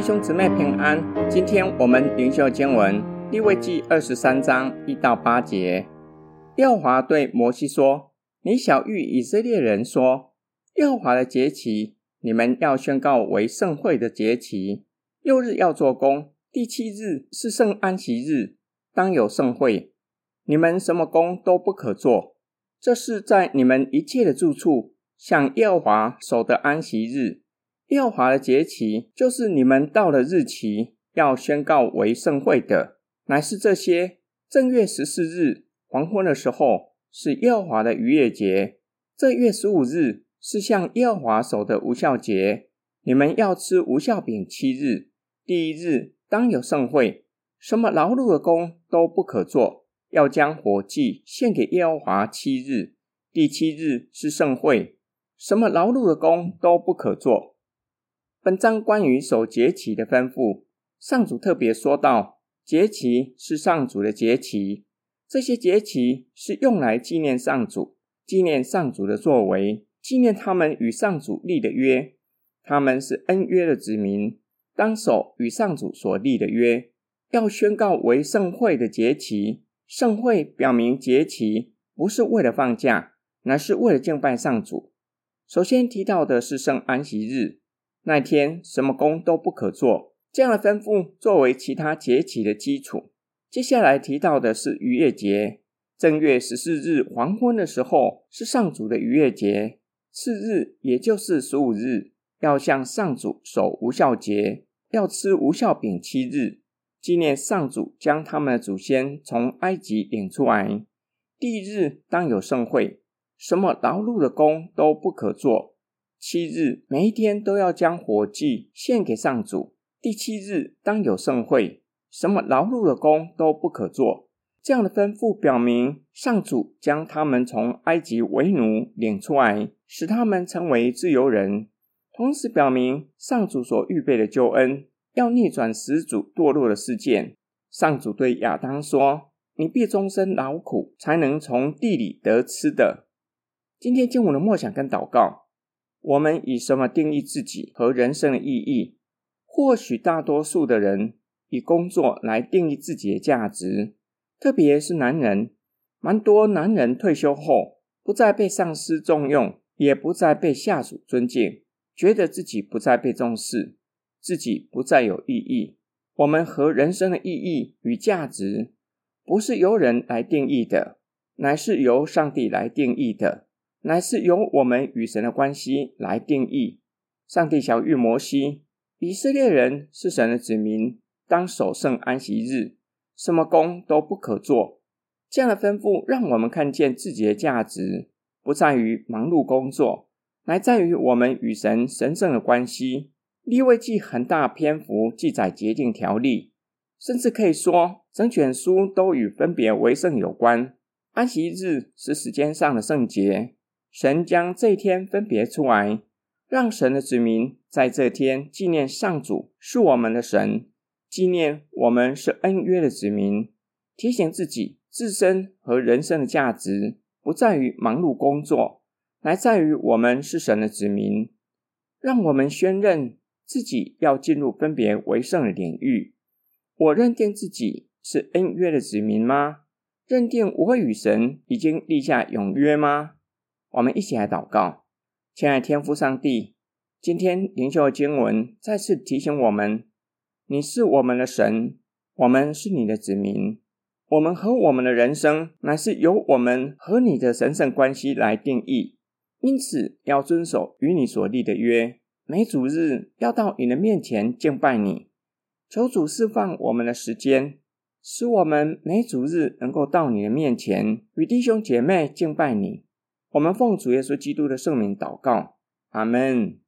弟兄姊妹平安，今天我們靈修經文《利未記》二十三章一到八節。耶和華對摩西說：“你曉諭以色列人說：耶和華的節期，你們要宣告為聖會的節期。六日要做工，第七日是聖安息日，當有聖會。你們什麼工都不可做，這是在你們一切的住處向耶和華守的安息日。”耶和華的節期，就是你們到了日期要宣告為聖會的，乃是這些：正月十四日黃昏的時候是耶和華的逾越節；這月十五日是向耶和華守的無酵節。你們要吃無酵餅七日，第一日當有聖會，什麼勞碌的工都不可做，要將火祭獻給耶和華七日。第七日是聖會，什麼勞碌的工都不可做。本章關於守節期的吩咐，上主特別說到，節期是上主的節期，這些節期是用來紀念上主，紀念上主的作為，紀念他們與上主立的約，他們是恩約的子民，當守與上主所立的約，要宣告為聖會的節期。聖會表明節期不是為了放假，乃是為了敬拜上主。首先提到的是聖安息日。那天什麼工都不可做，這樣的吩咐作為其他節期的基礎。接下來提到的是逾越節，正月十四日黃昏的時候是上主的逾越節，次日也就是十五日要向上主守無酵節，要吃無酵餅七日，紀念上主將他們的祖先從埃及領出來。第一日當有聖會，什麼勞碌的工都不可做。七日，每一天都要將火祭獻給上主。第七日當有聖會，什麼勞碌的工都不可做。這樣的吩咐表明，上主將他們從埃及為奴領,領出來，使他們成為自由人。同時表明，上主所預備的救恩要逆轉始祖墮落的事件。上主對亞當說：“你必終身勞苦，才能從地裡得吃的。”今天經文的默想跟禱告。我們以什麼定義自己和人生的意義？或許大多數的人以工作來定義自己的價值，特別是男人，蠻多男人退休後不再被上司重用，也不再被下屬尊敬，覺得自己不再被重視，自己不再有意義。我們和人生的意義與價值，不是由人來定義的，乃是由上帝來定義的。乃是由我們與神的關係來定義。上帝曉諭摩西，以色列人是神的子民，當守聖安息日，什麼工都不可做。這樣的吩咐讓我們看見自己的價值，不在於忙碌工作，乃在於我們與神神聖的關係。利未記很大篇幅記載潔淨條例，甚至可以說整卷書都與分別為聖有關。安息日是時間上的聖潔。神將這一天分別出來，讓神的子民在這天紀念上主是我們的神，紀念我們是恩約的子民，提醒自己自身和人生的價值不在於忙碌工作，乃在於我們是神的子民。讓我們宣認自己要進入分別為聖的領域。我認定自己是恩約的子民嗎？認定我與神已經立下永約嗎？我們一起來禱告，親愛天父上帝，今天靈修的經文再次提醒我們，你是我們的神，我們是你的子民，我們和我們的人生乃是由我們和你的神聖關係來定義。因此，要遵守與你所立的約，每主日要到你的面前敬拜你。求主釋放我們的時間，使我們每主日能夠到你的面前，與弟兄姐妹敬拜你。我們奉主耶穌基督的聖名禱告，阿門。